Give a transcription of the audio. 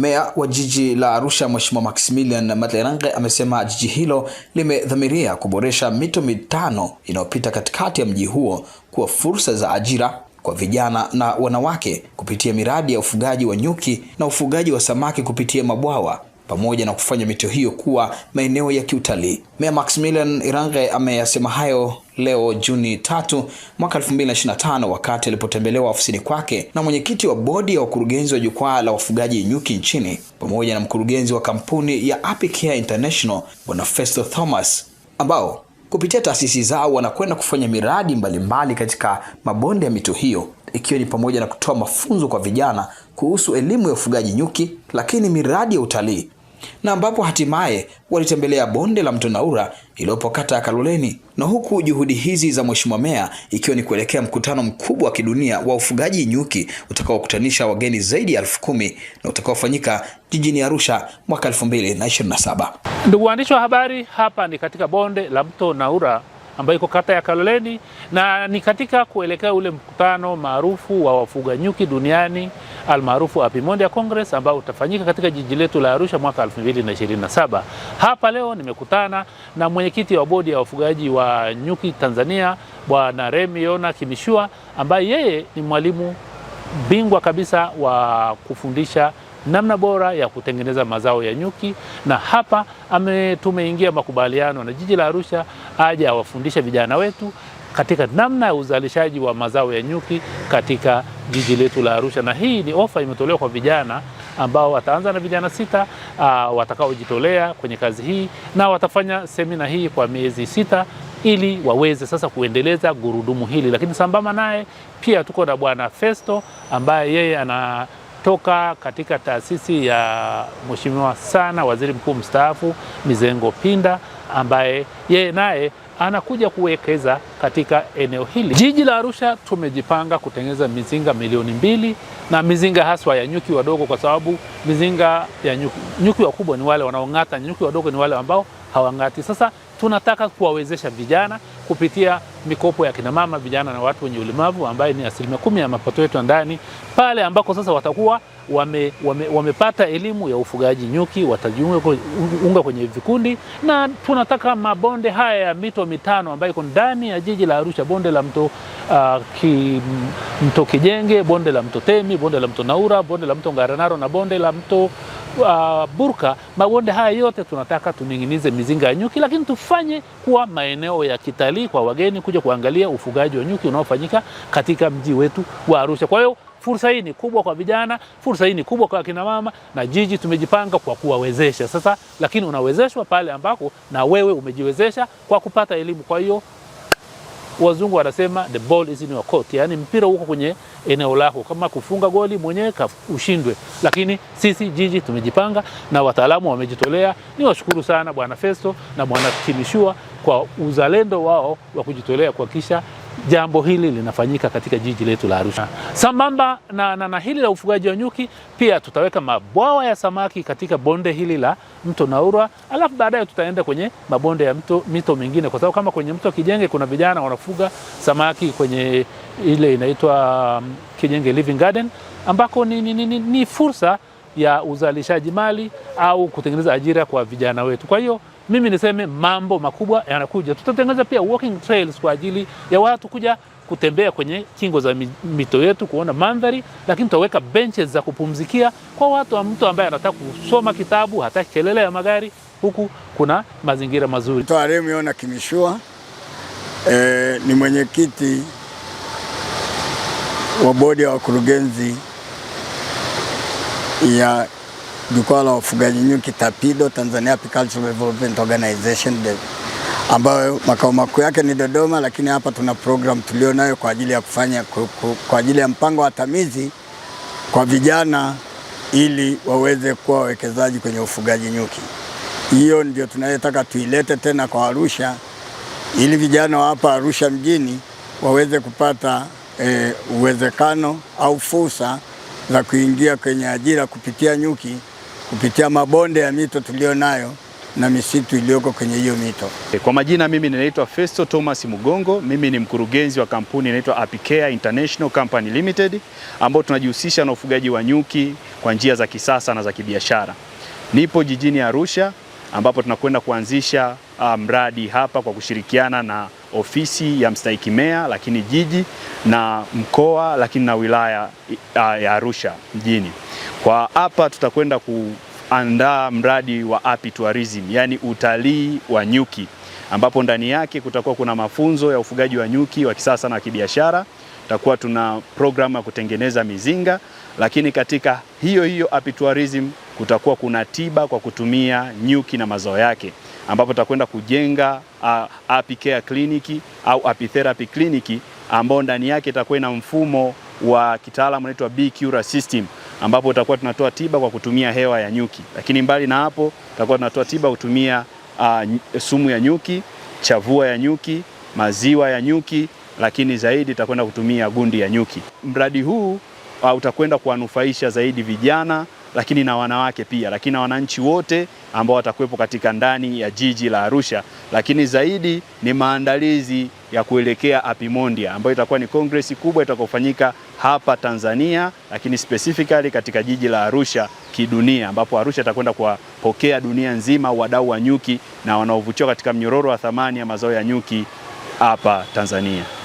Meya wa jiji la Arusha Mheshimiwa Maximilian Materange amesema jiji hilo limedhamiria kuboresha mito mitano inayopita katikati ya mji huo kuwa fursa za ajira kwa vijana na wanawake kupitia miradi ya ufugaji wa nyuki na ufugaji wa samaki kupitia mabwawa pamoja na kufanya mito hiyo kuwa maeneo ya kiutalii. Meya Maximilian Irange ameyasema hayo leo Juni tatu mwaka 2025 wakati alipotembelewa ofisini kwake na mwenyekiti wa bodi ya wakurugenzi wa jukwaa la wafugaji nyuki nchini pamoja na mkurugenzi wa kampuni ya Apicare International Bwana Festo Thomas ambao kupitia taasisi zao wanakwenda kufanya miradi mbalimbali mbali katika mabonde ya mito hiyo ikiwa ni pamoja na kutoa mafunzo kwa vijana kuhusu elimu ya ufugaji nyuki, lakini miradi ya utalii na ambapo hatimaye walitembelea bonde la mto Naura iliyopo kata ya Kaloleni, na huku juhudi hizi za Mheshimiwa Meya ikiwa ni kuelekea mkutano mkubwa wa kidunia wa ufugaji nyuki utakaokutanisha wageni zaidi ya elfu kumi na utakaofanyika jijini Arusha mwaka 2027. Ndugu waandishi wa habari, hapa ni katika bonde la mto Naura ambayo iko kata ya Kaloleni na ni katika kuelekea ule mkutano maarufu wa wafuga nyuki duniani almaarufu Apimondi ya Congress ambao utafanyika katika jiji letu la Arusha mwaka 2027. Hapa leo nimekutana na mwenyekiti wa bodi ya wafugaji wa nyuki Tanzania Bwana Remi Yona Kimishua ambaye yeye ni mwalimu bingwa kabisa wa kufundisha namna bora ya kutengeneza mazao ya nyuki, na hapa ame tumeingia makubaliano na jiji la Arusha aje awafundishe vijana wetu katika namna ya uzalishaji wa mazao ya nyuki katika jiji letu la Arusha, na hii ni ofa imetolewa kwa vijana ambao wataanza na vijana sita uh, watakaojitolea kwenye kazi hii na watafanya semina hii kwa miezi sita ili waweze sasa kuendeleza gurudumu hili. Lakini sambamba naye pia tuko na Bwana Festo ambaye yeye ana toka katika taasisi ya mheshimiwa sana waziri mkuu mstaafu Mizengo Pinda, ambaye yeye naye anakuja kuwekeza katika eneo hili. Jiji la Arusha tumejipanga kutengeneza mizinga milioni mbili na mizinga haswa ya nyuki wadogo, kwa sababu mizinga ya nyuki, nyuki wakubwa ni wale wanaong'ata, nyuki wadogo ni wale ambao hawang'ati. Sasa tunataka kuwawezesha vijana kupitia mikopo ya kinamama, vijana na watu wenye ulemavu, ambaye ni asilimia kumi ya mapato yetu ya ndani, pale ambako sasa watakuwa wame, wame, wamepata elimu ya ufugaji nyuki, watajiunga kwenye vikundi, na tunataka mabonde haya ya mito mitano ambayo iko ndani ya jiji la Arusha, bonde la mto Uh, ki, mto Kijenge, bonde la mto Temi, bonde la mto Naura, bonde la mto Ngaranaro na bonde la mto uh, burka, mabonde haya yote tunataka tuning'inize mizinga ya nyuki, lakini tufanye kuwa maeneo ya kitalii kwa wageni kuja kuangalia ufugaji wa nyuki unaofanyika katika mji wetu wa Arusha. Kwa hiyo fursa hii ni kubwa kwa vijana, fursa hii ni kubwa kwa kina mama, na jiji tumejipanga kwa kuwawezesha sasa, lakini unawezeshwa pale ambako na wewe umejiwezesha kwa kupata elimu. Kwa hiyo wazungu wanasema the ball is in your court, yani mpira uko kwenye eneo lako, kama kufunga goli mwenyewe ushindwe. Lakini sisi jiji tumejipanga na wataalamu wamejitolea. Ni washukuru sana Bwana Festo na Bwana Kimishua kwa uzalendo wao wa kujitolea kuhakikisha jambo hili linafanyika katika jiji letu la Arusha. Sambamba na, na, na hili la ufugaji wa nyuki, pia tutaweka mabwawa ya samaki katika bonde hili la mto Naura, alafu baadaye tutaenda kwenye mabonde ya mto, mito mingine, kwa sababu kama kwenye mto Kijenge kuna vijana wanafuga samaki kwenye ile inaitwa um, Kijenge Living Garden ambako ni, ni, ni, ni, ni fursa ya uzalishaji mali au kutengeneza ajira kwa vijana wetu. Kwa hiyo mimi niseme mambo makubwa yanakuja. Tutatengeneza pia walking trails kwa ajili ya watu kuja kutembea kwenye kingo za mito yetu kuona mandhari, lakini tutaweka benches za kupumzikia kwa watu wa mtu ambaye anataka kusoma kitabu, hata kelele ya magari, huku kuna mazingira mazuri. Taremiona Kimishua e, ni mwenyekiti wa bodi ya wakurugenzi ya jukwaa la wafugaji nyuki TAPIDO, Tanzania Apicultural Development Organization, ambayo makao makuu yake ni Dodoma, lakini hapa tuna program tulionayo kwa ajili ya kufanya kwa ajili ya mpango wa tamizi kwa vijana ili waweze kuwa wawekezaji kwenye ufugaji nyuki. Hiyo ndio tunayotaka tuilete tena kwa Arusha ili vijana wa hapa Arusha mjini waweze kupata e, uwezekano au fursa za kuingia kwenye ajira kupitia nyuki, kupitia mabonde ya mito tuliyo nayo na misitu iliyoko kwenye hiyo mito. Kwa majina, mimi ninaitwa Festo Thomas Mugongo. Mimi ni mkurugenzi wa kampuni inaitwa Apicare International Company Limited, ambao tunajihusisha na ufugaji wa nyuki kwa njia za kisasa na za kibiashara. Nipo jijini Arusha ambapo tunakwenda kuanzisha ah, mradi hapa kwa kushirikiana na ofisi ya mstahiki meya, lakini jiji na mkoa, lakini na wilaya ah, ya Arusha mjini. Kwa hapa tutakwenda kuandaa mradi wa tourism, yani utalii wa nyuki, ambapo ndani yake kutakuwa kuna mafunzo ya ufugaji wa nyuki wa kisasa na kibiashara. Tutakuwa tuna programu ya kutengeneza mizinga, lakini katika hiyo hiyo tourism kutakuwa kuna tiba kwa kutumia nyuki na mazao yake, ambapo tutakwenda kujenga uh, apicare clinic au apitherapy clinic ambao ndani yake itakuwa ina mfumo wa kitaalamu unaitwa b system ambapo utakuwa tunatoa tiba kwa kutumia hewa ya nyuki, lakini mbali na hapo tutakuwa tunatoa tiba kutumia uh, sumu ya nyuki, chavua ya nyuki, maziwa ya nyuki, lakini zaidi tutakwenda kutumia gundi ya nyuki. Mradi huu uh, utakwenda kuwanufaisha zaidi vijana lakini na wanawake pia, lakini na wananchi wote ambao watakuwepo katika ndani ya jiji la Arusha, lakini zaidi ni maandalizi ya kuelekea Apimondia ambayo itakuwa ni kongresi kubwa itakayofanyika hapa Tanzania, lakini specifically katika jiji la Arusha kidunia, ambapo Arusha itakwenda kuwapokea dunia nzima wadau wa nyuki na wanaovutiwa katika mnyororo wa thamani ya mazao ya nyuki hapa Tanzania.